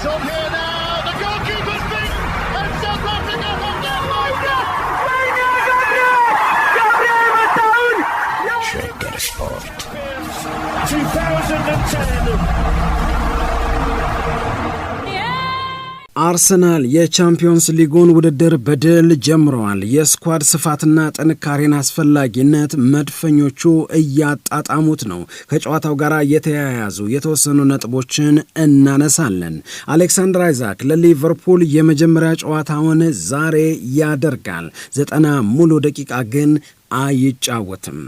It's on here. አርሰናል የቻምፒዮንስ ሊጉን ውድድር በድል ጀምረዋል። የስኳድ ስፋትና ጥንካሬን አስፈላጊነት መድፈኞቹ እያጣጣሙት ነው። ከጨዋታው ጋር የተያያዙ የተወሰኑ ነጥቦችን እናነሳለን። አሌክሳንድር አይዛክ ለሊቨርፑል የመጀመሪያ ጨዋታውን ዛሬ ያደርጋል። ዘጠና ሙሉ ደቂቃ ግን አይጫወትም።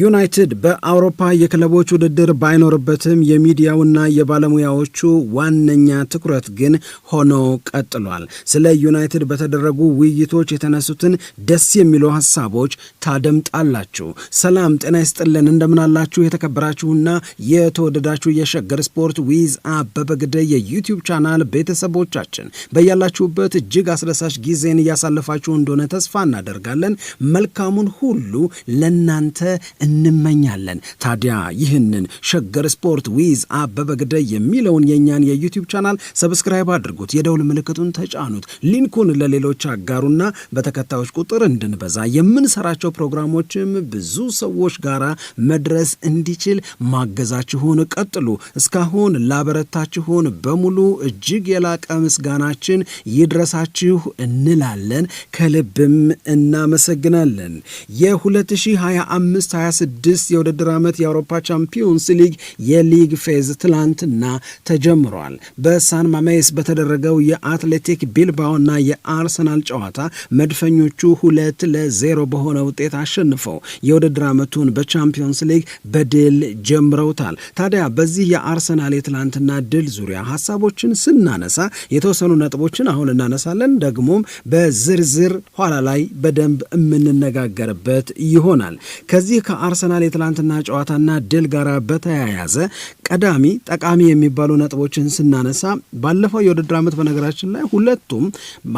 ዩናይትድ በአውሮፓ የክለቦች ውድድር ባይኖርበትም የሚዲያውና የባለሙያዎቹ ዋነኛ ትኩረት ግን ሆኖ ቀጥሏል። ስለ ዩናይትድ በተደረጉ ውይይቶች የተነሱትን ደስ የሚሉ ሀሳቦች ታደምጣላችሁ። ሰላም ጤና ይስጥልን፣ እንደምናላችሁ የተከበራችሁና የተወደዳችሁ የሸገር ስፖርት ዊዝ አበበ ግደይ የዩቲዩብ ቻናል ቤተሰቦቻችን በያላችሁበት እጅግ አስደሳች ጊዜን እያሳለፋችሁ እንደሆነ ተስፋ እናደርጋለን። መልካሙን ሁሉ ሁሉ ለናንተ እንመኛለን። ታዲያ ይህንን ሸገር ስፖርት ዊዝ አበበ ግደይ የሚለውን የእኛን የዩቲዩብ ቻናል ሰብስክራይብ አድርጉት፣ የደውል ምልክቱን ተጫኑት፣ ሊንኩን ለሌሎች አጋሩና በተከታዮች ቁጥር እንድንበዛ የምንሰራቸው ፕሮግራሞችም ብዙ ሰዎች ጋር መድረስ እንዲችል ማገዛችሁን ቀጥሉ። እስካሁን ላበረታችሁን በሙሉ እጅግ የላቀ ምስጋናችን ይድረሳችሁ እንላለን። ከልብም እናመሰግናለን። 2025 26 የውድድር ዓመት የአውሮፓ ቻምፒዮንስ ሊግ የሊግ ፌዝ ትላንትና ተጀምሯል። በሳን ማሜስ በተደረገው የአትሌቲክ ቢልባኦ እና የአርሰናል ጨዋታ መድፈኞቹ ሁለት ለዜሮ በሆነ ውጤት አሸንፈው የውድድር ዓመቱን በቻምፒዮንስ ሊግ በድል ጀምረውታል። ታዲያ በዚህ የአርሰናል የትላንትና ድል ዙሪያ ሀሳቦችን ስናነሳ የተወሰኑ ነጥቦችን አሁን እናነሳለን፣ ደግሞም በዝርዝር ኋላ ላይ በደንብ የምንነጋገርበት የሚመለከት ይሆናል። ከዚህ ከአርሰናል የትላንትና ጨዋታና ድል ጋር በተያያዘ ቀዳሚ ጠቃሚ የሚባሉ ነጥቦችን ስናነሳ ባለፈው የውድድር ዓመት በነገራችን ላይ ሁለቱም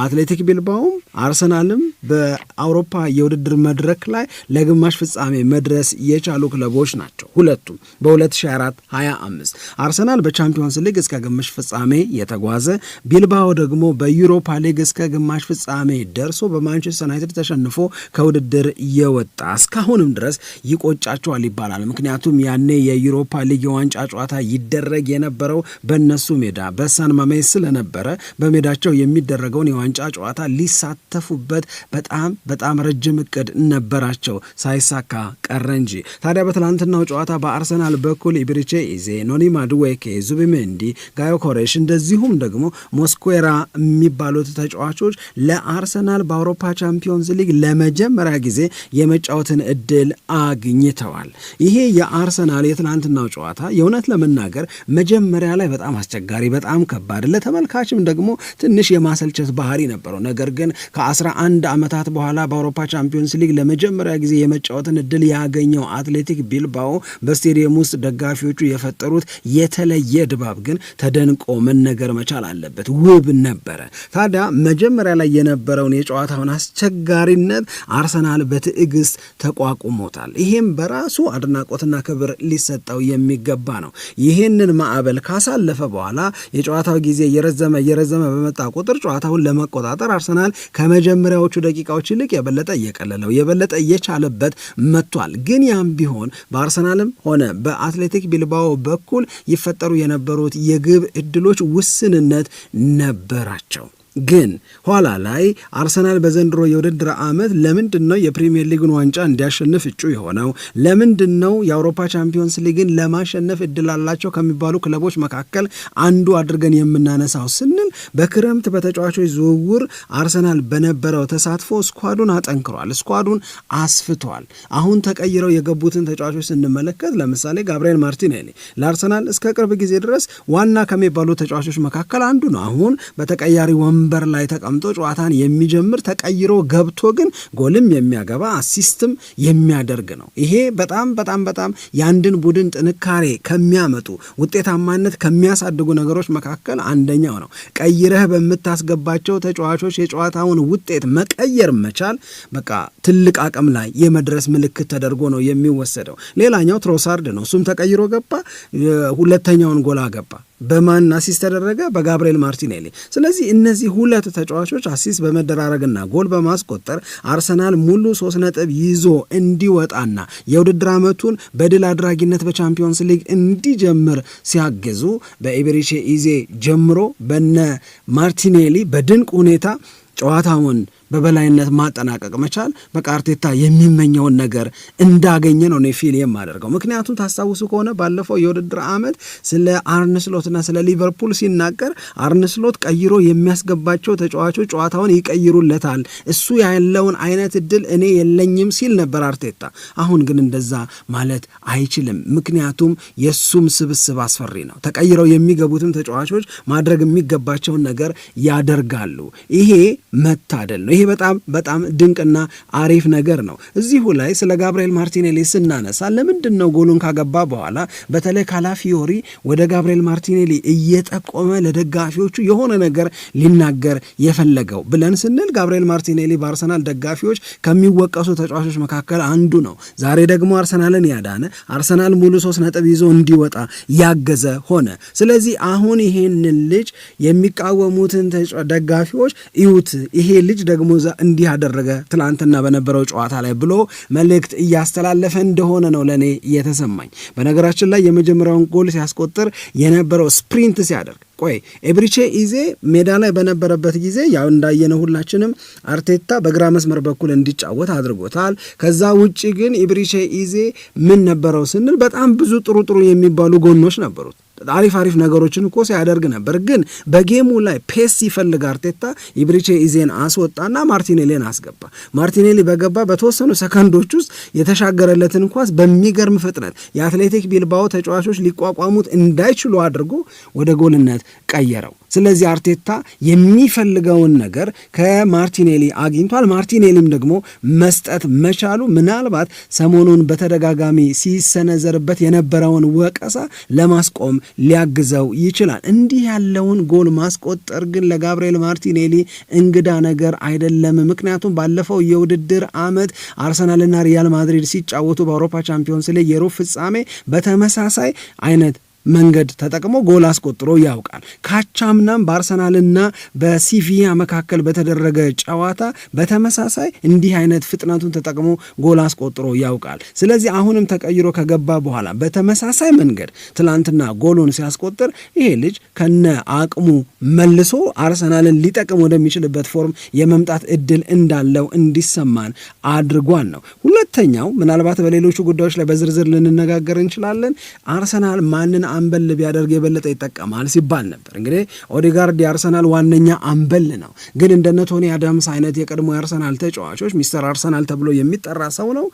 አትሌቲክ ቢልባውም አርሰናልም በአውሮፓ የውድድር መድረክ ላይ ለግማሽ ፍጻሜ መድረስ የቻሉ ክለቦች ናቸው። ሁለቱም በ2024 25 አርሰናል በቻምፒዮንስ ሊግ እስከ ግማሽ ፍጻሜ የተጓዘ ቢልባው ደግሞ በዩሮፓ ሊግ እስከ ግማሽ ፍጻሜ ደርሶ በማንቸስተር ዩናይትድ ተሸንፎ ከውድድር የው ከወጣ እስካሁንም ድረስ ይቆጫቸዋል ይባላል። ምክንያቱም ያኔ የዩሮፓ ሊግ የዋንጫ ጨዋታ ይደረግ የነበረው በእነሱ ሜዳ በሳን ማሜስ ስለነበረ በሜዳቸው የሚደረገውን የዋንጫ ጨዋታ ሊሳተፉበት በጣም በጣም ረጅም እቅድ ነበራቸው፣ ሳይሳካ ቀረ እንጂ። ታዲያ በትናንትናው ጨዋታ በአርሰናል በኩል ኢብሪቼ ኢዜ፣ ኖኒ ማዱዌኬ፣ ዙቢሜንዲ፣ ጋዮ ኮሬሽ እንደዚሁም ደግሞ ሞስኩዌራ የሚባሉት ተጫዋቾች ለአርሰናል በአውሮፓ ቻምፒዮንስ ሊግ ለመጀመሪያ ጊዜ የመጫወትን እድል አግኝተዋል። ይሄ የአርሰናል የትናንትናው ጨዋታ የእውነት ለመናገር መጀመሪያ ላይ በጣም አስቸጋሪ፣ በጣም ከባድ፣ ለተመልካችም ደግሞ ትንሽ የማሰልቸት ባህሪ ነበረው። ነገር ግን ከአስራ አንድ ዓመታት በኋላ በአውሮፓ ቻምፒዮንስ ሊግ ለመጀመሪያ ጊዜ የመጫወትን እድል ያገኘው አትሌቲክ ቢልባኦ በስቴዲየም ውስጥ ደጋፊዎቹ የፈጠሩት የተለየ ድባብ ግን ተደንቆ መነገር መቻል አለበት። ውብ ነበረ። ታዲያ መጀመሪያ ላይ የነበረውን የጨዋታውን አስቸጋሪነት አርሰናል በትዕ በትዕግስት ተቋቁሞታል። ይህም በራሱ አድናቆትና ክብር ሊሰጠው የሚገባ ነው። ይህንን ማዕበል ካሳለፈ በኋላ የጨዋታው ጊዜ እየረዘመ እየረዘመ በመጣ ቁጥር ጨዋታውን ለመቆጣጠር አርሰናል ከመጀመሪያዎቹ ደቂቃዎች ይልቅ የበለጠ እየቀለለው የበለጠ እየቻለበት መጥቷል። ግን ያም ቢሆን በአርሰናልም ሆነ በአትሌቲክ ቢልባኦ በኩል ይፈጠሩ የነበሩት የግብ እድሎች ውስንነት ነበራቸው። ግን ኋላ ላይ አርሰናል በዘንድሮ የውድድር ዓመት ለምንድን ነው የፕሪምየር ሊግን ዋንጫ እንዲያሸንፍ እጩ የሆነው? ለምንድን ነው የአውሮፓ ቻምፒዮንስ ሊግን ለማሸነፍ እድል አላቸው ከሚባሉ ክለቦች መካከል አንዱ አድርገን የምናነሳው ስንል በክረምት በተጫዋቾች ዝውውር አርሰናል በነበረው ተሳትፎ ስኳዱን አጠንክሯል፣ ስኳዱን አስፍቷል። አሁን ተቀይረው የገቡትን ተጫዋቾች ስንመለከት ለምሳሌ ጋብርኤል ማርቲኔሊ ለአርሰናል እስከ ቅርብ ጊዜ ድረስ ዋና ከሚባሉ ተጫዋቾች መካከል አንዱ ነው። አሁን በተቀያሪ ወን ወንበር ላይ ተቀምጦ ጨዋታን የሚጀምር ተቀይሮ ገብቶ ግን ጎልም የሚያገባ አሲስትም የሚያደርግ ነው። ይሄ በጣም በጣም በጣም የአንድን ቡድን ጥንካሬ ከሚያመጡ ውጤታማነት ከሚያሳድጉ ነገሮች መካከል አንደኛው ነው። ቀይረህ በምታስገባቸው ተጫዋቾች የጨዋታውን ውጤት መቀየር መቻል በቃ ትልቅ አቅም ላይ የመድረስ ምልክት ተደርጎ ነው የሚወሰደው። ሌላኛው ትሮሳርድ ነው። እሱም ተቀይሮ ገባ፣ ሁለተኛውን ጎል አገባ። በማን አሲስ ተደረገ? በጋብርኤል ማርቲኔሊ። ስለዚህ እነዚህ ሁለት ተጫዋቾች አሲስት በመደራረግና ጎል በማስቆጠር አርሰናል ሙሉ ሶስት ነጥብ ይዞ እንዲወጣና የውድድር ዓመቱን በድል አድራጊነት በቻምፒዮንስ ሊግ እንዲጀምር ሲያግዙ በኤቤሪቼ ኢዜ ጀምሮ በነ ማርቲኔሊ በድንቅ ሁኔታ ጨዋታውን በበላይነት ማጠናቀቅ መቻል በቃ አርቴታ የሚመኘውን ነገር እንዳገኘ ነው እኔ ፊል የማደርገው። ምክንያቱም ታስታውሱ ከሆነ ባለፈው የውድድር ዓመት ስለ አርንስሎትና ስለ ሊቨርፑል ሲናገር አርንስሎት ቀይሮ የሚያስገባቸው ተጫዋቾች ጨዋታውን ይቀይሩለታል፣ እሱ ያለውን አይነት እድል እኔ የለኝም ሲል ነበር አርቴታ። አሁን ግን እንደዛ ማለት አይችልም፣ ምክንያቱም የእሱም ስብስብ አስፈሪ ነው። ተቀይረው የሚገቡትም ተጫዋቾች ማድረግ የሚገባቸውን ነገር ያደርጋሉ። ይሄ መታደል ነው። ይሄ በጣም በጣም ድንቅና አሪፍ ነገር ነው። እዚሁ ላይ ስለ ጋብርኤል ማርቲኔሊ ስናነሳ ለምንድን ነው ጎሉን ካገባ በኋላ በተለይ ካላፊዮሪ ወደ ጋብርኤል ማርቲኔሊ እየጠቆመ ለደጋፊዎቹ የሆነ ነገር ሊናገር የፈለገው ብለን ስንል ጋብርኤል ማርቲኔሊ በአርሰናል ደጋፊዎች ከሚወቀሱ ተጫዋቾች መካከል አንዱ ነው። ዛሬ ደግሞ አርሰናልን ያዳነ አርሰናል ሙሉ ሶስት ነጥብ ይዞ እንዲወጣ ያገዘ ሆነ። ስለዚህ አሁን ይሄንን ልጅ የሚቃወሙትን ደጋፊዎች እዩት፣ ይሄ ልጅ ደግሞ ዛግሙዛ እንዲህ አደረገ ትላንትና በነበረው ጨዋታ ላይ ብሎ መልእክት እያስተላለፈ እንደሆነ ነው ለእኔ የተሰማኝ። በነገራችን ላይ የመጀመሪያውን ጎል ሲያስቆጥር የነበረው ስፕሪንት ሲያደርግ ቆይ ኤብሪቼ ኢዜ ሜዳ ላይ በነበረበት ጊዜ ያው እንዳየነው ሁላችንም አርቴታ በግራ መስመር በኩል እንዲጫወት አድርጎታል። ከዛ ውጭ ግን ኤብሪቼ ኢዜ ምን ነበረው ስንል በጣም ብዙ ጥሩ ጥሩ የሚባሉ ጎኖች ነበሩት። አሪፍ አሪፍ ነገሮችን እኮ ሲያደርግ ነበር። ግን በጌሙ ላይ ፔስ ሲፈልግ አርቴታ ኢብሪቼ ኢዜን አስወጣና ማርቲኔሊን አስገባ። ማርቲኔሊ በገባ በተወሰኑ ሰከንዶች ውስጥ የተሻገረለትን ኳስ በሚገርም ፍጥነት የአትሌቲክ ቢልባኦ ተጫዋቾች ሊቋቋሙት እንዳይችሉ አድርጎ ወደ ጎልነት ቀየረው። ስለዚህ አርቴታ የሚፈልገውን ነገር ከማርቲኔሊ አግኝቷል። ማርቲኔሊም ደግሞ መስጠት መቻሉ ምናልባት ሰሞኑን በተደጋጋሚ ሲሰነዘርበት የነበረውን ወቀሳ ለማስቆም ሊያግዘው ይችላል። እንዲህ ያለውን ጎል ማስቆጠር ግን ለጋብርኤል ማርቲኔሊ እንግዳ ነገር አይደለም። ምክንያቱም ባለፈው የውድድር ዓመት አርሰናልና ሪያል ማድሪድ ሲጫወቱ በአውሮፓ ቻምፒዮንስ ላይ የሩብ ፍጻሜ በተመሳሳይ አይነት መንገድ ተጠቅሞ ጎል አስቆጥሮ ያውቃል። ካቻምናም በአርሰናልና በሲቪያ መካከል በተደረገ ጨዋታ በተመሳሳይ እንዲህ አይነት ፍጥነቱን ተጠቅሞ ጎል አስቆጥሮ ያውቃል። ስለዚህ አሁንም ተቀይሮ ከገባ በኋላ በተመሳሳይ መንገድ ትናንትና ጎሎን ሲያስቆጥር ይሄ ልጅ ከነ አቅሙ መልሶ አርሰናልን ሊጠቅም ወደሚችልበት ፎርም የመምጣት እድል እንዳለው እንዲሰማን አድርጓን ነው። ሁለተኛው ምናልባት በሌሎቹ ጉዳዮች ላይ በዝርዝር ልንነጋገር እንችላለን። አርሰናል ማንን አምበል ቢያደርግ የበለጠ ይጠቀማል ሲባል ነበር። እንግዲህ ኦዲጋርድ የአርሰናል ዋነኛ አምበል ነው፣ ግን እንደነ ቶኒ አዳምስ አይነት የቀድሞ የአርሰናል ተጫዋቾች ሚስተር አርሰናል ተብሎ የሚጠራ ሰው ነው።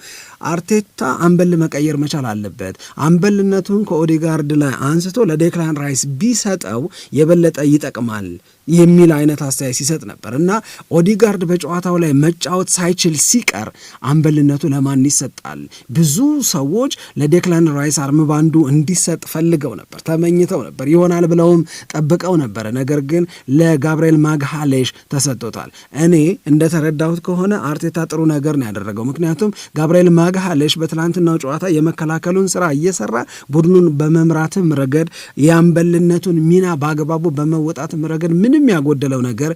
አርቴታ አምበል መቀየር መቻል አለበት። አምበልነቱን ከኦዲጋርድ ላይ አንስቶ ለዴክላን ራይስ ቢሰጠው የበለጠ ይጠቅማል የሚል አይነት አስተያየት ሲሰጥ ነበር እና ኦዲጋርድ በጨዋታው ላይ መጫወት ሳይችል ሲቀር አምበልነቱ ለማን ይሰጣል? ብዙ ሰዎች ለዴክላን ራይስ አርምባንዱ እንዲሰጥ ፈልገው አስበው ነበር፣ ተመኝተው ነበር፣ ይሆናል ብለውም ጠብቀው ነበረ። ነገር ግን ለጋብርኤል ማግሃሌሽ ተሰጥቶታል። እኔ እንደተረዳሁት ከሆነ አርቴታ ጥሩ ነገር ነው ያደረገው። ምክንያቱም ጋብርኤል ማግሃሌሽ በትናንትናው ጨዋታ የመከላከሉን ስራ እየሰራ ቡድኑን በመምራትም ረገድ የአምበልነቱን ሚና በአግባቡ በመወጣትም ረገድ ምንም ያጎደለው ነገር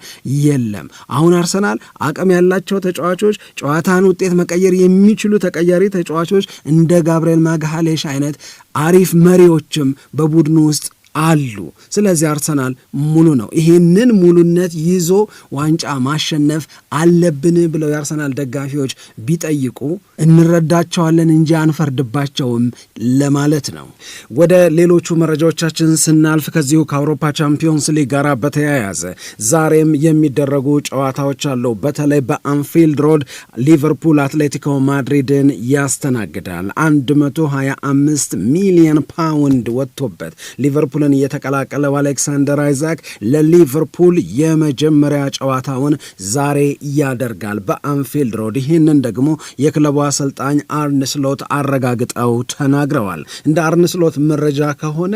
የለም። አሁን አርሰናል አቅም ያላቸው ተጫዋቾች ጨዋታን ውጤት መቀየር የሚችሉ ተቀያሪ ተጫዋቾች እንደ ጋብርኤል ማግሃሌሽ አይነት አሪፍ መሪዎችም በቡድኑ ውስጥ አሉ። ስለዚህ አርሰናል ሙሉ ነው። ይህንን ሙሉነት ይዞ ዋንጫ ማሸነፍ አለብን ብለው የአርሰናል ደጋፊዎች ቢጠይቁ እንረዳቸዋለን እንጂ አንፈርድባቸውም ለማለት ነው። ወደ ሌሎቹ መረጃዎቻችን ስናልፍ ከዚሁ ከአውሮፓ ቻምፒዮንስ ሊግ ጋር በተያያዘ ዛሬም የሚደረጉ ጨዋታዎች አሉ። በተለይ በአንፊልድ ሮድ ሊቨርፑል አትሌቲኮ ማድሪድን ያስተናግዳል። 125 ሚሊዮን ፓውንድ ወጥቶበት ሊቨርፑል ሊቨርፑልን እየተቀላቀለው አሌክሳንደር አይዛክ ለሊቨርፑል የመጀመሪያ ጨዋታውን ዛሬ ያደርጋል በአንፊልድ ሮድ። ይህንን ደግሞ የክለቡ አሰልጣኝ አርንስሎት አረጋግጠው ተናግረዋል። እንደ አርንስሎት መረጃ ከሆነ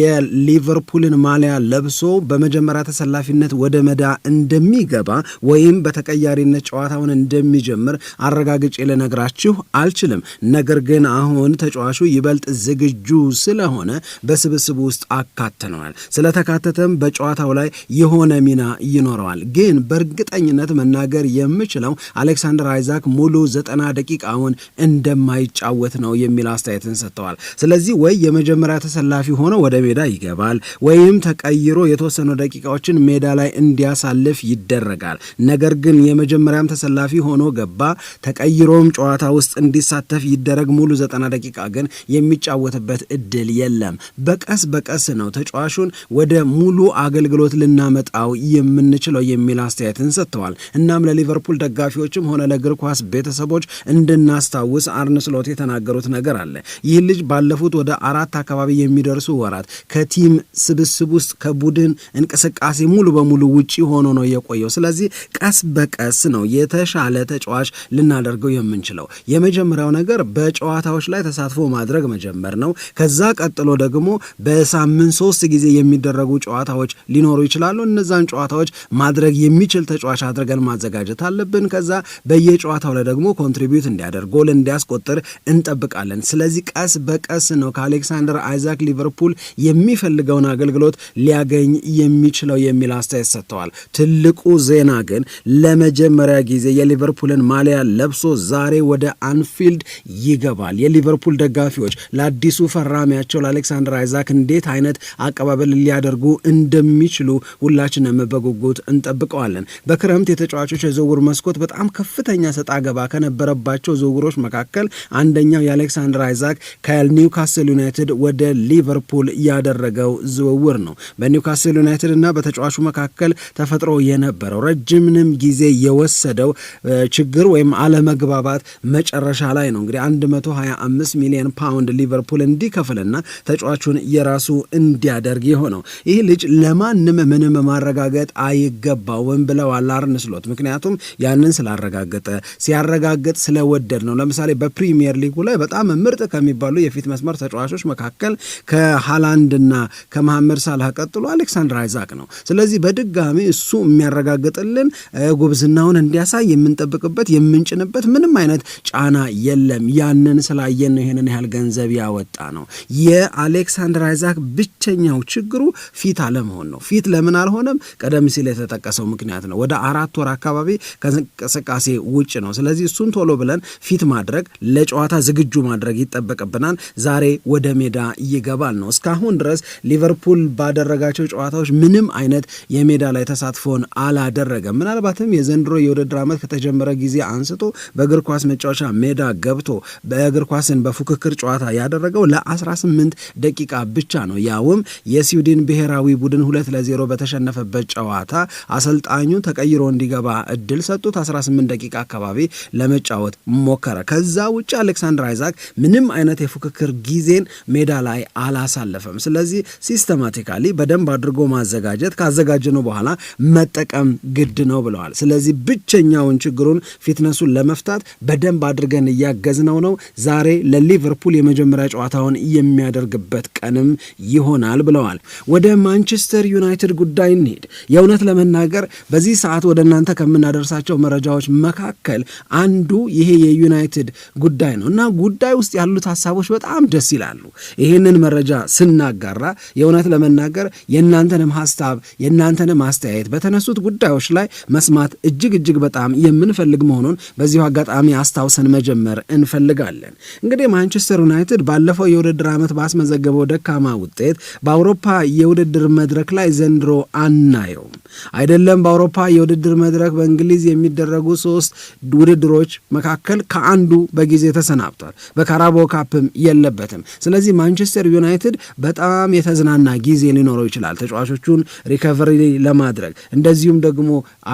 የሊቨርፑልን ማሊያ ለብሶ በመጀመሪያ ተሰላፊነት ወደ መዳ እንደሚገባ ወይም በተቀያሪነት ጨዋታውን እንደሚጀምር አረጋግጬ ልነግራችሁ አልችልም። ነገር ግን አሁን ተጫዋቹ ይበልጥ ዝግጁ ስለሆነ በስብስቡ ውስጥ አካትነዋል። ስለተካተተም በጨዋታው ላይ የሆነ ሚና ይኖረዋል። ግን በእርግጠኝነት መናገር የምችለው አሌክሳንደር አይዛክ ሙሉ ዘጠና ደቂቃውን እንደማይጫወት ነው የሚል አስተያየትን ሰጥተዋል። ስለዚህ ወይ የመጀመሪያ ተሰላፊ ሆኖ ወደ ሜዳ ይገባል ወይም ተቀይሮ የተወሰኑ ደቂቃዎችን ሜዳ ላይ እንዲያሳልፍ ይደረጋል። ነገር ግን የመጀመሪያም ተሰላፊ ሆኖ ገባ ተቀይሮም ጨዋታ ውስጥ እንዲሳተፍ ይደረግ ሙሉ ዘጠና ደቂቃ ግን የሚጫወትበት እድል የለም። በቀስ በቀስ ነው ተጫዋቹን ወደ ሙሉ አገልግሎት ልናመጣው የምንችለው የሚል አስተያየትን ሰጥተዋል። እናም ለሊቨርፑል ደጋፊዎችም ሆነ ለእግር ኳስ ቤተሰቦች እንድናስታውስ አርነ ስሎት የተናገሩት ነገር አለ። ይህ ልጅ ባለፉት ወደ አራት አካባቢ የሚደርሱ ወራት ከቲም ስብስብ ውስጥ ከቡድን እንቅስቃሴ ሙሉ በሙሉ ውጪ ሆኖ ነው የቆየው። ስለዚህ ቀስ በቀስ ነው የተሻለ ተጫዋች ልናደርገው የምንችለው። የመጀመሪያው ነገር በጨዋታዎች ላይ ተሳትፎ ማድረግ መጀመር ነው። ከዛ ቀጥሎ ደግሞ በሳምንት በሳምንት ሶስት ጊዜ የሚደረጉ ጨዋታዎች ሊኖሩ ይችላሉ። እነዛን ጨዋታዎች ማድረግ የሚችል ተጫዋች አድርገን ማዘጋጀት አለብን። ከዛ በየጨዋታው ላይ ደግሞ ኮንትሪቢዩት እንዲያደርግ ጎል እንዲያስቆጥር እንጠብቃለን። ስለዚህ ቀስ በቀስ ነው ከአሌክሳንደር አይዛክ ሊቨርፑል የሚፈልገውን አገልግሎት ሊያገኝ የሚችለው የሚል አስተያየት ሰጥተዋል። ትልቁ ዜና ግን ለመጀመሪያ ጊዜ የሊቨርፑልን ማሊያ ለብሶ ዛሬ ወደ አንፊልድ ይገባል። የሊቨርፑል ደጋፊዎች ለአዲሱ ፈራሚያቸው ለአሌክሳንደር አይዛክ እንዴት አይነት አይነት አቀባበል ሊያደርጉ እንደሚችሉ ሁላችንም በጉጉት እንጠብቀዋለን። በክረምት የተጫዋቾች የዝውውር መስኮት በጣም ከፍተኛ ሰጣ ገባ ከነበረባቸው ዝውውሮች መካከል አንደኛው የአሌክሳንደር አይዛክ ከኒውካስል ዩናይትድ ወደ ሊቨርፑል ያደረገው ዝውውር ነው። በኒውካስል ዩናይትድ እና በተጫዋቹ መካከል ተፈጥሮ የነበረው ረጅምንም ጊዜ የወሰደው ችግር ወይም አለመግባባት መጨረሻ ላይ ነው እንግዲህ 125 ሚሊዮን ፓውንድ ሊቨርፑል እንዲከፍልና ተጫዋቹን የራሱ እንዲያደርግ የሆነው ይህ ልጅ ለማንም ምንም ማረጋገጥ አይገባውም ብለዋል አርነ ስሎት። ምክንያቱም ያንን ስላረጋገጠ ሲያረጋግጥ ስለወደድ ነው። ለምሳሌ በፕሪሚየር ሊጉ ላይ በጣም ምርጥ ከሚባሉ የፊት መስመር ተጫዋቾች መካከል ከሃላንድና ከመሐመድ ሳላህ ቀጥሎ አሌክሳንድር አይዛክ ነው። ስለዚህ በድጋሚ እሱ የሚያረጋግጥልን ጉብዝናውን እንዲያሳይ የምንጠብቅበት የምንጭንበት ምንም አይነት ጫና የለም። ያንን ስላየን ነው ይህንን ያህል ገንዘብ ያወጣ ነው የአሌክሳንድር አይዛክ ብቸኛው ችግሩ ፊት አለመሆን ነው። ፊት ለምን አልሆነም? ቀደም ሲል የተጠቀሰው ምክንያት ነው። ወደ አራት ወር አካባቢ ከእንቅስቃሴ ውጭ ነው። ስለዚህ እሱን ቶሎ ብለን ፊት ማድረግ፣ ለጨዋታ ዝግጁ ማድረግ ይጠበቅብናል። ዛሬ ወደ ሜዳ ይገባል ነው። እስካሁን ድረስ ሊቨርፑል ባደረጋቸው ጨዋታዎች ምንም አይነት የሜዳ ላይ ተሳትፎን አላደረገም። ምናልባትም የዘንድሮ የውድድር ዓመት ከተጀመረ ጊዜ አንስቶ በእግር ኳስ መጫወቻ ሜዳ ገብቶ በእግር ኳስን በፉክክር ጨዋታ ያደረገው ለ18 ደቂቃ ብቻ ነው። ያ እንዳውም የስዊድን ብሔራዊ ቡድን ሁለት ለዜሮ በተሸነፈበት ጨዋታ አሰልጣኙ ተቀይሮ እንዲገባ እድል ሰጡት። 18 ደቂቃ አካባቢ ለመጫወት ሞከረ። ከዛ ውጭ አሌክሳንድር አይዛክ ምንም አይነት የፉክክር ጊዜን ሜዳ ላይ አላሳለፈም። ስለዚህ ሲስተማቲካሊ በደንብ አድርጎ ማዘጋጀት ካዘጋጀነው በኋላ መጠቀም ግድ ነው ብለዋል። ስለዚህ ብቸኛውን ችግሩን ፊትነሱን ለመፍታት በደንብ አድርገን እያገዝነው ነው። ዛሬ ለሊቨርፑል የመጀመሪያ ጨዋታውን የሚያደርግበት ቀንም ይሆ ይሆናል ብለዋል። ወደ ማንቸስተር ዩናይትድ ጉዳይ እንሄድ። የእውነት ለመናገር በዚህ ሰዓት ወደ እናንተ ከምናደርሳቸው መረጃዎች መካከል አንዱ ይሄ የዩናይትድ ጉዳይ ነው እና ጉዳይ ውስጥ ያሉት ሀሳቦች በጣም ደስ ይላሉ። ይህንን መረጃ ስናጋራ የእውነት ለመናገር የእናንተንም ሀሳብ የእናንተንም አስተያየት በተነሱት ጉዳዮች ላይ መስማት እጅግ እጅግ በጣም የምንፈልግ መሆኑን በዚሁ አጋጣሚ አስታውሰን መጀመር እንፈልጋለን። እንግዲህ ማንቸስተር ዩናይትድ ባለፈው የውድድር ዓመት ባስመዘገበው ደካማ ውጤት በአውሮፓ የውድድር መድረክ ላይ ዘንድሮ አናየውም። አይደለም በአውሮፓ የውድድር መድረክ በእንግሊዝ የሚደረጉ ሶስት ውድድሮች መካከል ከአንዱ በጊዜ ተሰናብቷል። በካራቦ ካፕም የለበትም። ስለዚህ ማንቸስተር ዩናይትድ በጣም የተዝናና ጊዜ ሊኖረው ይችላል ተጫዋቾቹን ሪከቨሪ ለማድረግ እንደዚሁም ደግሞ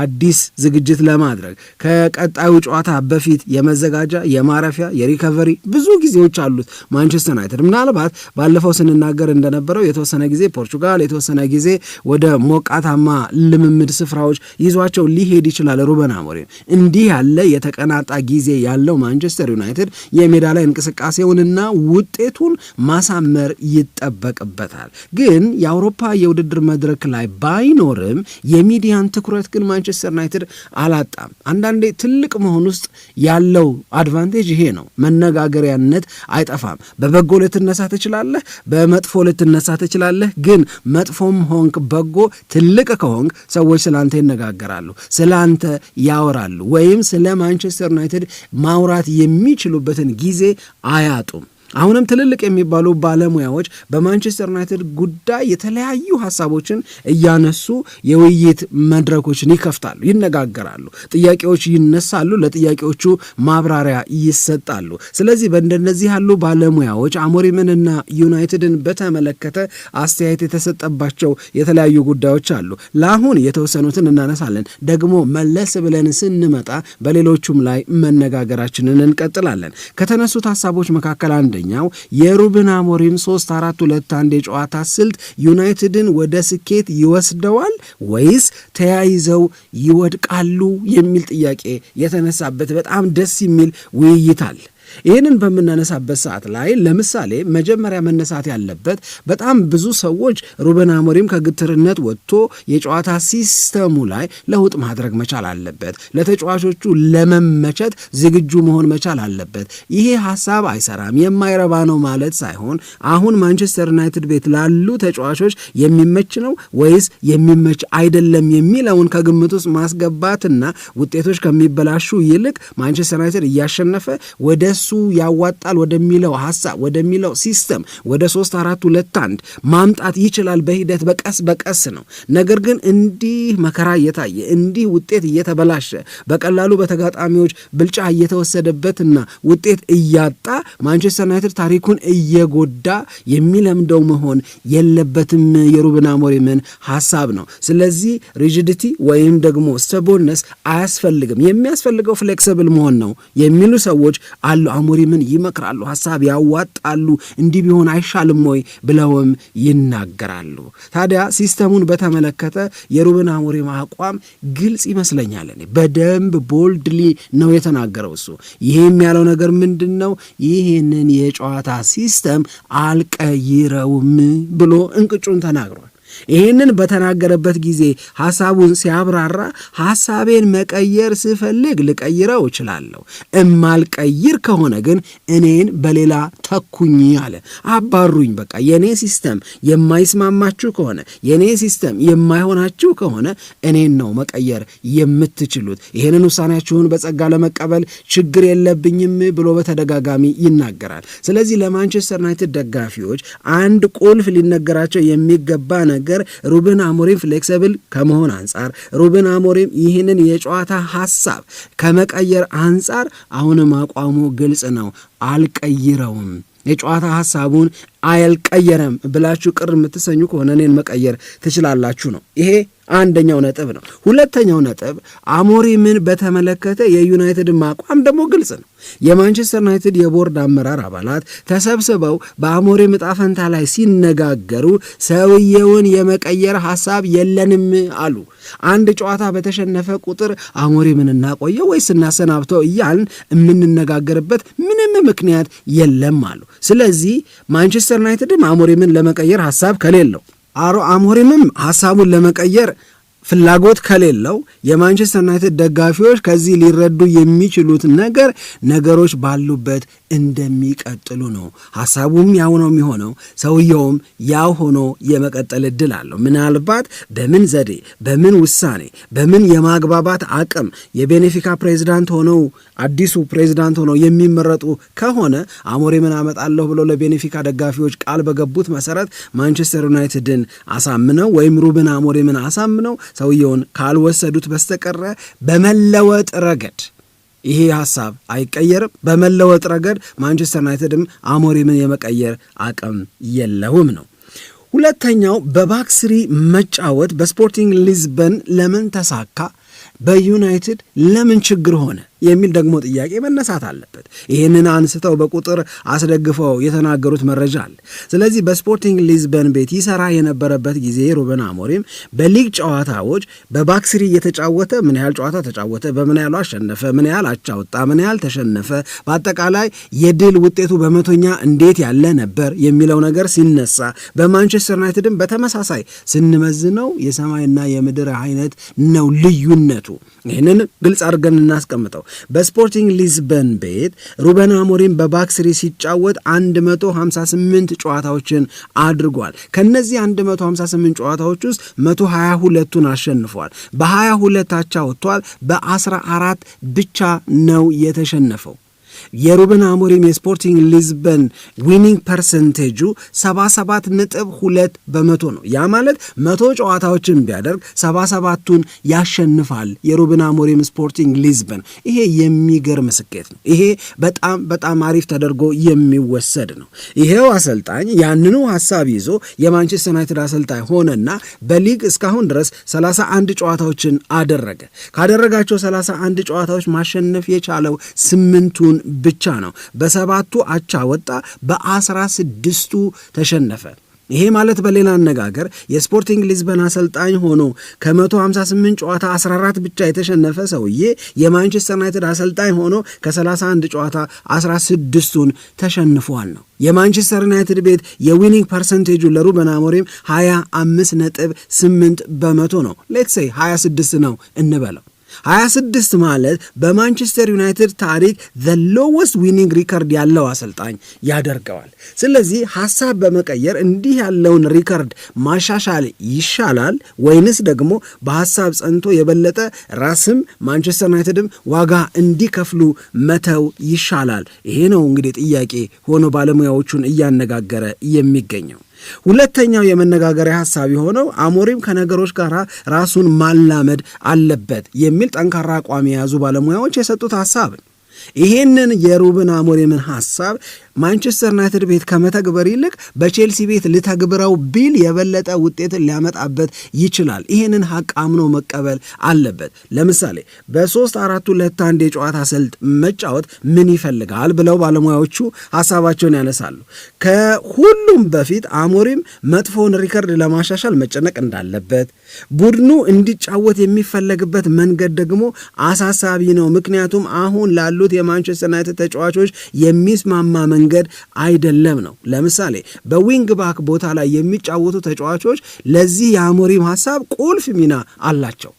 አዲስ ዝግጅት ለማድረግ ከቀጣዩ ጨዋታ በፊት የመዘጋጃ የማረፊያ የሪከቨሪ ብዙ ጊዜዎች አሉት ማንቸስተር ዩናይትድ ምናልባት ባለፈው ስንናገር እንደነበር የነበረው። የተወሰነ ጊዜ ፖርቹጋል፣ የተወሰነ ጊዜ ወደ ሞቃታማ ልምምድ ስፍራዎች ይዟቸው ሊሄድ ይችላል ሩበን አሞሪም። እንዲህ ያለ የተቀናጣ ጊዜ ያለው ማንቸስተር ዩናይትድ የሜዳ ላይ እንቅስቃሴውንና ውጤቱን ማሳመር ይጠበቅበታል። ግን የአውሮፓ የውድድር መድረክ ላይ ባይኖርም የሚዲያን ትኩረት ግን ማንቸስተር ዩናይትድ አላጣም። አንዳንዴ ትልቅ መሆን ውስጥ ያለው አድቫንቴጅ ይሄ ነው። መነጋገሪያነት አይጠፋም። በበጎ ልትነሳ ትችላለህ፣ በመጥፎ ልትነሳ ልትረሳ ትችላለህ። ግን መጥፎም ሆንክ በጎ፣ ትልቅ ከሆንክ ሰዎች ስለ አንተ ይነጋገራሉ፣ ስለ አንተ ያወራሉ፣ ወይም ስለ ማንቸስተር ዩናይትድ ማውራት የሚችሉበትን ጊዜ አያጡም። አሁንም ትልልቅ የሚባሉ ባለሙያዎች በማንቸስተር ዩናይትድ ጉዳይ የተለያዩ ሀሳቦችን እያነሱ የውይይት መድረኮችን ይከፍታሉ፣ ይነጋገራሉ፣ ጥያቄዎች ይነሳሉ፣ ለጥያቄዎቹ ማብራሪያ ይሰጣሉ። ስለዚህ በእንደነዚህ ያሉ ባለሙያዎች አሞሪምንና ዩናይትድን በተመለከተ አስተያየት የተሰጠባቸው የተለያዩ ጉዳዮች አሉ። ለአሁን የተወሰኑትን እናነሳለን። ደግሞ መለስ ብለን ስንመጣ በሌሎቹም ላይ መነጋገራችንን እንቀጥላለን። ከተነሱት ሀሳቦች መካከል አንደ ሁለተኛው የሩብን አሞሪም 3 4 2 1 የጨዋታ ስልት ዩናይትድን ወደ ስኬት ይወስደዋል ወይስ ተያይዘው ይወድቃሉ የሚል ጥያቄ የተነሳበት በጣም ደስ የሚል ውይይት አለ። ይህንን በምናነሳበት ሰዓት ላይ ለምሳሌ መጀመሪያ መነሳት ያለበት በጣም ብዙ ሰዎች ሩበን አሞሪም ከግትርነት ወጥቶ የጨዋታ ሲስተሙ ላይ ለውጥ ማድረግ መቻል አለበት፣ ለተጫዋቾቹ ለመመቸት ዝግጁ መሆን መቻል አለበት። ይሄ ሀሳብ አይሰራም የማይረባ ነው ማለት ሳይሆን አሁን ማንቸስተር ዩናይትድ ቤት ላሉ ተጫዋቾች የሚመች ነው ወይስ የሚመች አይደለም የሚለውን ከግምት ውስጥ ማስገባትና ውጤቶች ከሚበላሹ ይልቅ ማንቸስተር ዩናይትድ እያሸነፈ ወደ እሱ ያዋጣል ወደሚለው ሀሳብ ወደሚለው ሲስተም ወደ ሶስት አራት ሁለት አንድ ማምጣት ይችላል። በሂደት በቀስ በቀስ ነው። ነገር ግን እንዲህ መከራ እየታየ እንዲህ ውጤት እየተበላሸ በቀላሉ በተጋጣሚዎች ብልጫ እየተወሰደበትና ውጤት እያጣ ማንቸስተር ዩናይትድ ታሪኩን እየጎዳ የሚለምደው መሆን የለበትም የሩበን አሞሪምን ሀሳብ ነው። ስለዚህ ሪጅድቲ ወይም ደግሞ ስተቦነስ አያስፈልግም። የሚያስፈልገው ፍሌክስብል መሆን ነው የሚሉ ሰዎች አሉ። አሞሪምን ይመክራሉ፣ ሀሳብ ያዋጣሉ። እንዲህ ቢሆን አይሻልም ወይ ብለውም ይናገራሉ። ታዲያ ሲስተሙን በተመለከተ የሩበን አሞሪም አቋም ግልጽ ይመስለኛል። እኔ በደንብ ቦልድሊ ነው የተናገረው እሱ። ይህም ያለው ነገር ምንድን ነው? ይህንን የጨዋታ ሲስተም አልቀይረውም ብሎ እንቅጩን ተናግሯል። ይህንን በተናገረበት ጊዜ ሐሳቡን ሲያብራራ ሐሳቤን መቀየር ስፈልግ ልቀይረው እችላለሁ፣ እማልቀይር ከሆነ ግን እኔን በሌላ ተኩኝ አለ። አባሩኝ፣ በቃ የእኔ ሲስተም የማይስማማችሁ ከሆነ የእኔ ሲስተም የማይሆናችሁ ከሆነ እኔን ነው መቀየር የምትችሉት። ይህንን ውሳኔያችሁን በጸጋ ለመቀበል ችግር የለብኝም ብሎ በተደጋጋሚ ይናገራል። ስለዚህ ለማንቸስተር ዩናይትድ ደጋፊዎች አንድ ቁልፍ ሊነገራቸው የሚገባ ነገር ባሻገር ሩብን አሞሪም ፍሌክሲብል ከመሆን አንጻር ሩብን አሞሪም ይህንን የጨዋታ ሀሳብ ከመቀየር አንጻር አሁንም አቋሙ ግልጽ ነው፣ አልቀይረውም የጨዋታ ሀሳቡን አያልቀየረም ብላችሁ ቅር የምትሰኙ ከሆነ እኔን መቀየር ትችላላችሁ ነው። ይሄ አንደኛው ነጥብ ነው። ሁለተኛው ነጥብ አሞሪምን በተመለከተ የዩናይትድ ማቋም ደግሞ ግልጽ ነው። የማንቸስተር ዩናይትድ የቦርድ አመራር አባላት ተሰብስበው በአሞሪም ዕጣ ፈንታ ላይ ሲነጋገሩ ሰውየውን የመቀየር ሀሳብ የለንም አሉ። አንድ ጨዋታ በተሸነፈ ቁጥር አሞሪምን እናቆየው ወይስ እናሰናብተው እያልን የምንነጋገርበት ምንም ምክንያት የለም አሉ። ስለዚህ ማንቸስተር ማንቸስተር ዩናይትድም አሞሪምን ለመቀየር ሀሳብ ከሌለው አሮ አሞሪምም ሀሳቡን ለመቀየር ፍላጎት ከሌለው የማንቸስተር ዩናይትድ ደጋፊዎች ከዚህ ሊረዱ የሚችሉት ነገር ነገሮች ባሉበት እንደሚቀጥሉ ነው። ሀሳቡም ያው ነው የሚሆነው፣ ሰውየውም ያው ሆኖ የመቀጠል እድል አለው። ምናልባት በምን ዘዴ፣ በምን ውሳኔ፣ በምን የማግባባት አቅም የቤኔፊካ ፕሬዚዳንት ሆነው አዲሱ ፕሬዚዳንት ሆነው የሚመረጡ ከሆነ ምን አመጣለሁ ብሎ ለቤኔፊካ ደጋፊዎች ቃል በገቡት መሰረት ማንቸስተር ዩናይትድን አሳምነው ወይም ሩብን አሞሪምን አሳምነው ሰውየውን ካልወሰዱት በስተቀረ በመለወጥ ረገድ ይሄ ሀሳብ አይቀየርም። በመለወጥ ረገድ ማንቸስተር ዩናይትድም አሞሪምን የመቀየር አቅም የለውም ነው። ሁለተኛው በባክስሪ መጫወት በስፖርቲንግ ሊዝበን ለምን ተሳካ? በዩናይትድ ለምን ችግር ሆነ? የሚል ደግሞ ጥያቄ መነሳት አለበት። ይህንን አንስተው በቁጥር አስደግፈው የተናገሩት መረጃ አለ። ስለዚህ በስፖርቲንግ ሊዝበን ቤት ይሰራ የነበረበት ጊዜ ሩበን አሞሪም በሊግ ጨዋታዎች በባክስሪ እየተጫወተ ምን ያህል ጨዋታ ተጫወተ፣ በምን ያህሉ አሸነፈ፣ ምን ያህል አቻወጣ፣ ምን ያህል ተሸነፈ፣ በአጠቃላይ የድል ውጤቱ በመቶኛ እንዴት ያለ ነበር የሚለው ነገር ሲነሳ በማንቸስተር ዩናይትድም በተመሳሳይ ስንመዝነው የሰማይና የምድር አይነት ነው ልዩነቱ። ይህንን ግልጽ አድርገን እናስቀምጠው። በስፖርቲንግ ሊዝበን ቤት ሩበን አሞሪም በባክስሪ ሲጫወት 158 ጨዋታዎችን አድርጓል። ከነዚህ 158 ጨዋታዎች ውስጥ 122ቱን አሸንፏል። በ22 አቻ ወጥቷል። በ14 ብቻ ነው የተሸነፈው። የሩበን አሞሪም የስፖርቲንግ ሊዝበን ዊኒንግ ፐርሰንቴጁ 77 ነጥብ 2 በመቶ ነው። ያ ማለት መቶ ጨዋታዎችን ቢያደርግ 77ቱን ያሸንፋል የሩበን አሞሪም ስፖርቲንግ ሊዝበን። ይሄ የሚገርም ስኬት ነው። ይሄ በጣም በጣም አሪፍ ተደርጎ የሚወሰድ ነው። ይሄው አሰልጣኝ ያንኑ ሀሳብ ይዞ የማንቸስተር ዩናይትድ አሰልጣኝ ሆነና በሊግ እስካሁን ድረስ 31 ጨዋታዎችን አደረገ። ካደረጋቸው 31 ጨዋታዎች ማሸነፍ የቻለው ስምንቱን ብቻ ነው። በሰባቱ አቻ ወጣ፣ በአስራ ስድስቱ ተሸነፈ። ይሄ ማለት በሌላ አነጋገር የስፖርቲንግ ሊዝበን አሰልጣኝ ሆኖ ከ158 ጨዋታ 14 ብቻ የተሸነፈ ሰውዬ የማንቸስተር ዩናይትድ አሰልጣኝ ሆኖ ከ31 ጨዋታ 16ቱን ተሸንፏል ነው። የማንቸስተር ዩናይትድ ቤት የዊኒንግ ፐርሰንቴጁ ለሩበን አሞሪም 25.8 በመቶ ነው። ሌትሴይ 26 ነው እንበለው። 26 ማለት በማንቸስተር ዩናይትድ ታሪክ ዘ ሎወስት ዊኒንግ ሪከርድ ያለው አሰልጣኝ ያደርገዋል። ስለዚህ ሀሳብ በመቀየር እንዲህ ያለውን ሪከርድ ማሻሻል ይሻላል ወይንስ ደግሞ በሀሳብ ጸንቶ የበለጠ ራስም ማንቸስተር ዩናይትድም ዋጋ እንዲከፍሉ መተው ይሻላል? ይሄ ነው እንግዲህ ጥያቄ ሆኖ ባለሙያዎቹን እያነጋገረ የሚገኘው። ሁለተኛው የመነጋገሪያ ሀሳብ የሆነው አሞሪም ከነገሮች ጋር ራሱን ማላመድ አለበት የሚል ጠንካራ አቋም የያዙ ባለሙያዎች የሰጡት ሀሳብ ይሄንን የሩብን አሞሪምን ሀሳብ ማንቸስተር ዩናይትድ ቤት ከመተግበር ይልቅ በቼልሲ ቤት ልተግብረው ቢል የበለጠ ውጤትን ሊያመጣበት ይችላል። ይህንን ሀቅ አምኖ መቀበል አለበት። ለምሳሌ በሶስት አራት ሁለት አንድ የጨዋታ ስልት መጫወት ምን ይፈልጋል ብለው ባለሙያዎቹ ሀሳባቸውን ያነሳሉ። ከሁሉም በፊት አሞሪም መጥፎውን ሪከርድ ለማሻሻል መጨነቅ እንዳለበት፣ ቡድኑ እንዲጫወት የሚፈለግበት መንገድ ደግሞ አሳሳቢ ነው። ምክንያቱም አሁን ላሉት የማንቸስተር ዩናይትድ ተጫዋቾች የሚስማማ መንገድ መንገድ አይደለም ነው። ለምሳሌ በዊንግ ባክ ቦታ ላይ የሚጫወቱ ተጫዋቾች ለዚህ የአሞሪም ሀሳብ ቁልፍ ሚና አላቸው።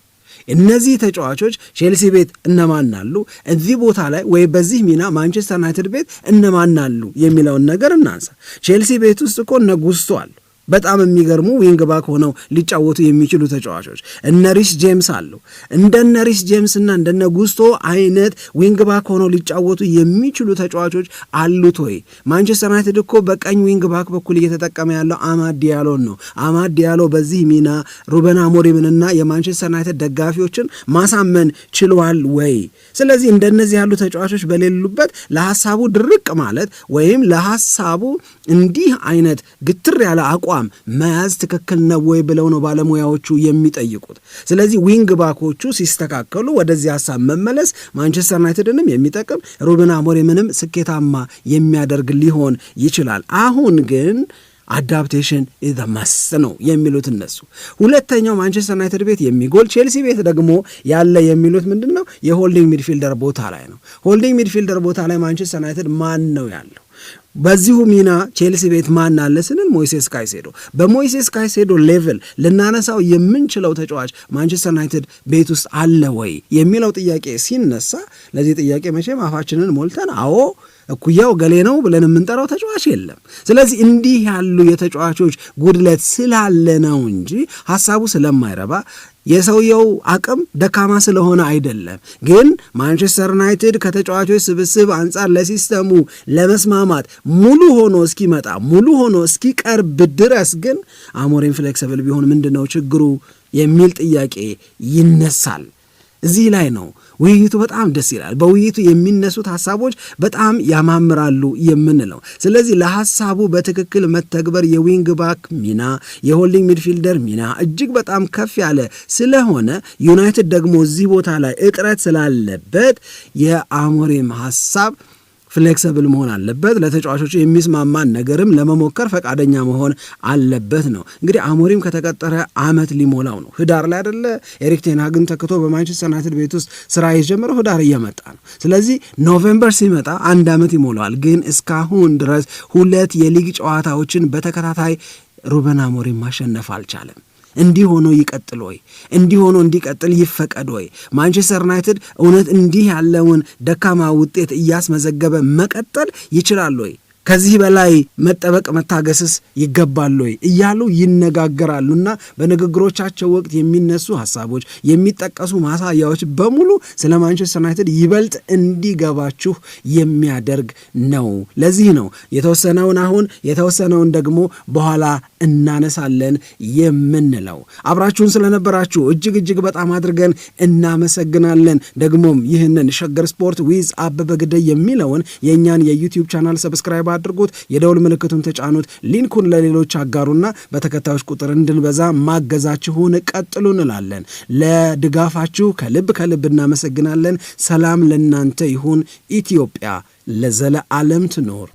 እነዚህ ተጫዋቾች ቼልሲ ቤት እነማን አሉ፣ እዚህ ቦታ ላይ ወይ በዚህ ሚና ማንቸስተር ዩናይትድ ቤት እነማን አሉ የሚለውን ነገር እናንሳ። ቼልሲ ቤት ውስጥ እኮ እነ ጉስቶ አሉ በጣም የሚገርሙ ዊንግ ባክ ሆነው ሊጫወቱ የሚችሉ ተጫዋቾች እነ ሪስ ጄምስ አሉ። እንደነ ሪስ ጄምስ እና እንደነ ጉስቶ አይነት ዊንግ ባክ ሆነው ሊጫወቱ የሚችሉ ተጫዋቾች አሉት ወይ? ማንቸስተር ዩናይትድ እኮ በቀኝ ዊንግ ባክ በኩል እየተጠቀመ ያለው አማድ ዲያሎን ነው። አማድ ዲያሎ በዚህ ሚና ሩበን አሞሪምንና የማንቸስተር ዩናይትድ ደጋፊዎችን ማሳመን ችሏል ወይ? ስለዚህ እንደነዚህ ያሉ ተጫዋቾች በሌሉበት ለሀሳቡ ድርቅ ማለት ወይም ለሀሳቡ እንዲህ አይነት ግትር ያለ አቋ አቋም መያዝ ትክክል ነው ወይ ብለው ነው ባለሙያዎቹ የሚጠይቁት። ስለዚህ ዊንግ ባኮቹ ሲስተካከሉ ወደዚህ ሀሳብ መመለስ ማንቸስተር ዩናይትድንም የሚጠቅም ሩበን አሞሪምንም ስኬታማ የሚያደርግ ሊሆን ይችላል። አሁን ግን አዳፕቴሽን ኢዝ ነው የሚሉት እነሱ። ሁለተኛው ማንቸስተር ዩናይትድ ቤት የሚጎል ቼልሲ ቤት ደግሞ ያለ የሚሉት ምንድን ነው? የሆልዲንግ ሚድፊልደር ቦታ ላይ ነው። ሆልዲንግ ሚድፊልደር ቦታ ላይ ማንቸስተር ዩናይትድ ማን ነው ያለው? በዚሁ ሚና ቼልሲ ቤት ማን አለ ስንል ሞይሴስ ካይሴዶ። በሞይሴስ ካይሴዶ ሌቭል ልናነሳው የምንችለው ተጫዋች ማንቸስተር ዩናይትድ ቤት ውስጥ አለ ወይ የሚለው ጥያቄ ሲነሳ ለዚህ ጥያቄ መቼም አፋችንን ሞልተን አዎ እኩያው ገሌ ነው ብለን የምንጠራው ተጫዋች የለም። ስለዚህ እንዲህ ያሉ የተጫዋቾች ጉድለት ስላለ ነው እንጂ ሀሳቡ ስለማይረባ የሰውየው አቅም ደካማ ስለሆነ አይደለም። ግን ማንቸስተር ዩናይትድ ከተጫዋቾች ስብስብ አንጻር ለሲስተሙ ለመስማማት ሙሉ ሆኖ እስኪመጣ ሙሉ ሆኖ እስኪቀርብ ድረስ ግን አሞሪም ፍሌክስብል ቢሆን ምንድን ነው ችግሩ የሚል ጥያቄ ይነሳል። እዚህ ላይ ነው ውይይቱ በጣም ደስ ይላል። በውይይቱ የሚነሱት ሀሳቦች በጣም ያማምራሉ የምንለው። ስለዚህ ለሀሳቡ በትክክል መተግበር የዊንግ ባክ ሚና፣ የሆልዲንግ ሚድፊልደር ሚና እጅግ በጣም ከፍ ያለ ስለሆነ ዩናይትድ ደግሞ እዚህ ቦታ ላይ እጥረት ስላለበት የአሞሪም ሀሳብ ፍሌክሰብል መሆን አለበት። ለተጫዋቾቹ የሚስማማን ነገርም ለመሞከር ፈቃደኛ መሆን አለበት ነው እንግዲህ አሞሪም ከተቀጠረ አመት ሊሞላው ነው። ህዳር ላይ አደለ ኤሪክ ቴንሃግን ተክቶ በማንቸስተር ዩናይትድ ቤት ውስጥ ስራ የጀመረው ህዳር እየመጣ ነው። ስለዚህ ኖቬምበር ሲመጣ አንድ አመት ይሞላዋል። ግን እስካሁን ድረስ ሁለት የሊግ ጨዋታዎችን በተከታታይ ሩበን አሞሪም ማሸነፍ አልቻለም። እንዲህ ሆኖ ይቀጥል ወይ? እንዲህ ሆኖ እንዲቀጥል ይፈቀድ ወይ? ማንቸስተር ዩናይትድ እውነት እንዲህ ያለውን ደካማ ውጤት እያስመዘገበ መቀጠል ይችላል ወይ? ከዚህ በላይ መጠበቅ መታገስስ ይገባል ወይ እያሉ ይነጋገራሉና በንግግሮቻቸው ወቅት የሚነሱ ሀሳቦች፣ የሚጠቀሱ ማሳያዎች በሙሉ ስለ ማንቸስተር ዩናይትድ ይበልጥ እንዲገባችሁ የሚያደርግ ነው። ለዚህ ነው የተወሰነውን አሁን የተወሰነውን ደግሞ በኋላ እናነሳለን የምንለው። አብራችሁን ስለነበራችሁ እጅግ እጅግ በጣም አድርገን እናመሰግናለን። ደግሞም ይህንን ሸገር ስፖርት ዊዝ አበበ ግደይ የሚለውን የእኛን የዩቲዩብ ቻናል ሰብስክራይብ አድርጉት፣ የደውል ምልክቱን ተጫኑት፣ ሊንኩን ለሌሎች አጋሩና በተከታዮች ቁጥር እንድንበዛ ማገዛችሁን ቀጥሉ እንላለን። ለድጋፋችሁ ከልብ ከልብ እናመሰግናለን። ሰላም ለእናንተ ይሁን። ኢትዮጵያ ለዘለዓለም ትኖር።